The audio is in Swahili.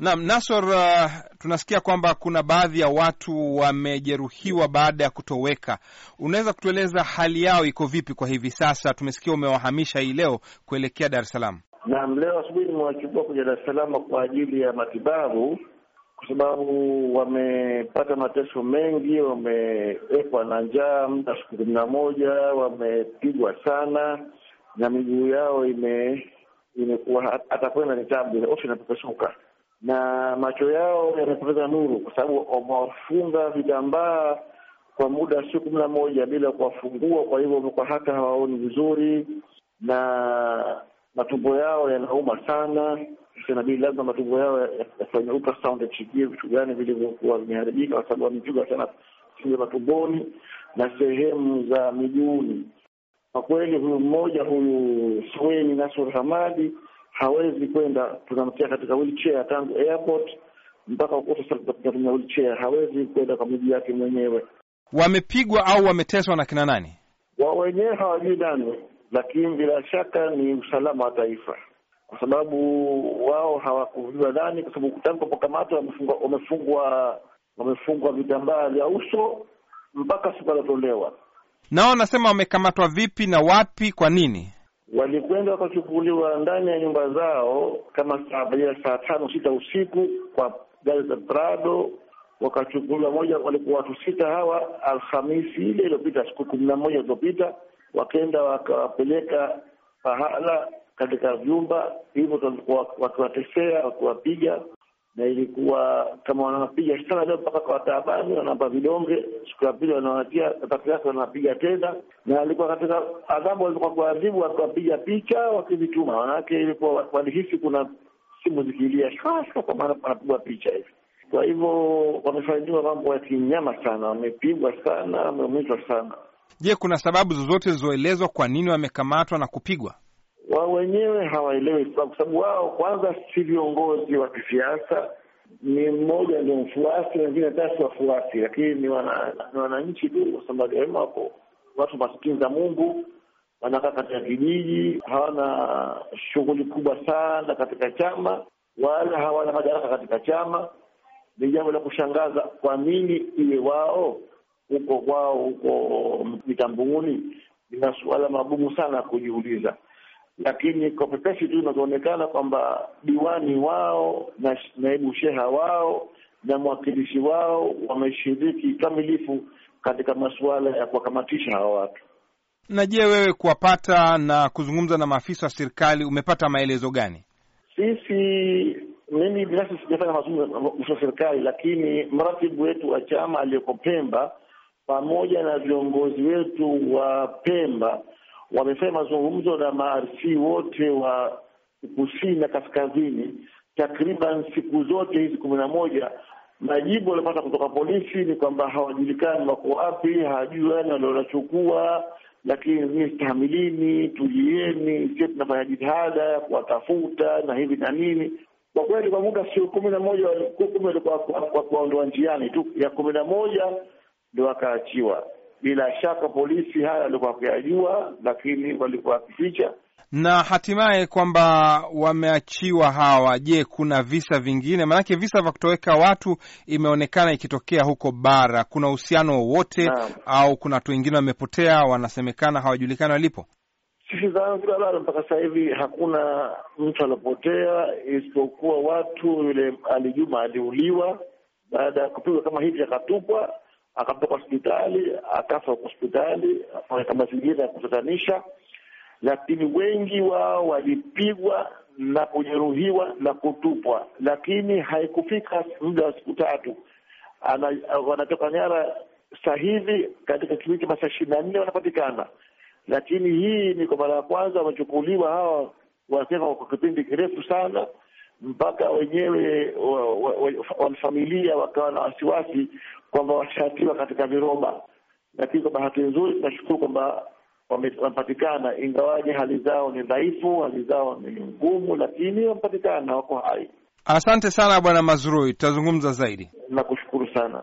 Naam, Nasor, uh, tunasikia kwamba kuna baadhi ya watu wamejeruhiwa baada ya kutoweka. Unaweza kutueleza hali yao iko vipi kwa hivi sasa? Tumesikia umewahamisha hii leo kuelekea Dar es Salaam. Naam, leo asubuhi nimewachukua kuja Dar es Salaam kwa ajili ya matibabu, kwa sababu wamepata mateso mengi, wamewekwa na njaa muda siku kumi na moja, wamepigwa sana na miguu yao ime- hata kwenda ni tabu, ofi inapopasuka na macho yao yamepoteza nuru, kwa sababu wamewafunga vitambaa kwa muda wa kumi na moja bila kuwafungua. Kwa hivyo wamekuwa hata hawaoni vizuri na matumbo yao yanauma sana. Inabidi lazima matumbo yao yafanya ultrasound, yachikie vitu gani vilivyokuwa vimeharibika, kwa sababu wamepigwa sana matumboni na sehemu za miguuni. Kwa kweli, huyu mmoja huyu sweni Nasur Hamadi hawezi kwenda, tunamtia katika wheelchair tangu airport mpaka tunatumia wheelchair, hawezi kwenda kwa miguu yake mwenyewe. Wamepigwa au wameteswa na kina nani? Wa wenyewe hawajui nani, lakini bila shaka ni usalama wa taifa, kwa sababu wao hawakujua nani, kwa sababu tangu wapokamatwa wamefungwa wamefungwa vitambaa vya uso mpaka siku aliotolewa. Nao wanasema wamekamatwa vipi na wapi, kwa nini? walikwenda wakachukuliwa ndani ya nyumba zao kama saa tano sita usiku kwa gari za Prado wakachukuliwa moja. Walikuwa watu sita hawa, Alhamisi ile iliyopita, siku kumi na moja iliyopita, wakenda wakawapeleka pahala katika vyumba hivyo, wakiwatesea wakiwapiga na ilikuwa kama wanawapiga sana leo mpaka kwa taabani, wanawapa vidonge, siku ya pili wanawatia atakaasi wanawapiga tena, na alikuwa katika adhabu walikuwa kuadhibu wakiwapiga picha wakivituma, manake ilikuwa walihisi kuna simu zikilia sasa kwa maana wanapigwa picha hivi. Kwa hivyo wamefanyiwa mambo ya kinyama sana, wamepigwa sana, wameumizwa sana. Je, kuna sababu zozote zilizoelezwa kwa nini wamekamatwa na kupigwa? wao wenyewe hawaelewi kwa sababu wao kwanza si viongozi wa kisiasa. Ni mmoja ndio mfuasi, wengine hata si wafuasi, lakini ni wananchi tu, kwa sababu wapo watu masikini za Mungu, wanakaa katika kijiji, hawana shughuli kubwa sana katika chama wala hawana madaraka katika chama. Ni jambo la kushangaza, kwa nini iwe wao huko kwao huko mitambuni? Ni masuala magumu sana kujiuliza lakini kwa pepesi tu inavyoonekana kwamba diwani wao na naibu sheha wao na mwakilishi wao wameshiriki kikamilifu katika masuala ya kuwakamatisha hawa watu. Na je, wewe kuwapata na kuzungumza na maafisa wa serikali umepata maelezo gani? Sisi mimi binafsi sijafanya mazungumzo wa serikali, lakini mratibu wetu wa chama aliyoko Pemba pamoja na viongozi wetu wa Pemba wamefanya mazungumzo na maarsi wote wa kusini na kaskazini takriban siku zote hizi kumi na moja majibu waliopata kutoka polisi ni kwamba hawajulikani wako wapi, hawajui yani walionachukua, lakini ni stahamilini, tulieni, sie tunafanya jitihada ya kuwatafuta na hivi na nini. Kwa kweli kwa muda sio kumi na moja, kumi walikuwa kuwaondoa njiani tu, ya kumi na moja ndo wakaachiwa. Bila shaka polisi haya walikuwa wakiyajua, lakini walikuwa wakificha na hatimaye kwamba wameachiwa hawa. Je, kuna visa vingine? Maanake visa vya kutoweka watu imeonekana ikitokea huko bara. Kuna uhusiano wowote au kuna watu wengine wamepotea, wanasemekana hawajulikani walipo? Sisi Zanzibar bado mpaka sasa hivi hakuna mtu aliopotea, isipokuwa watu yule Ali Juma aliuliwa baada ya kupigwa kama hivi akatupwa akatoka hospitali, akafa hospitali katika mazingira ya kutatanisha, lakini wengi wao walipigwa na kujeruhiwa na kutupwa, lakini haikufika muda wa siku tatu wanatoka nyara. Sasa hivi katika kipindi cha masaa ishirini na nne wanapatikana, lakini hii ni kwa mara ya kwanza wamechukuliwa hawa wanasema kwa kipindi kirefu sana mpaka wenyewe wanafamilia wakawa na wasiwasi kwamba washatiwa katika viroba, lakini kwa bahati nzuri tunashukuru kwamba wamepatikana, ingawaje hali zao ni dhaifu, hali zao ni ngumu, lakini wamepatikana, wako hai. Asante sana Bwana Mazurui, tutazungumza zaidi. Nakushukuru sana.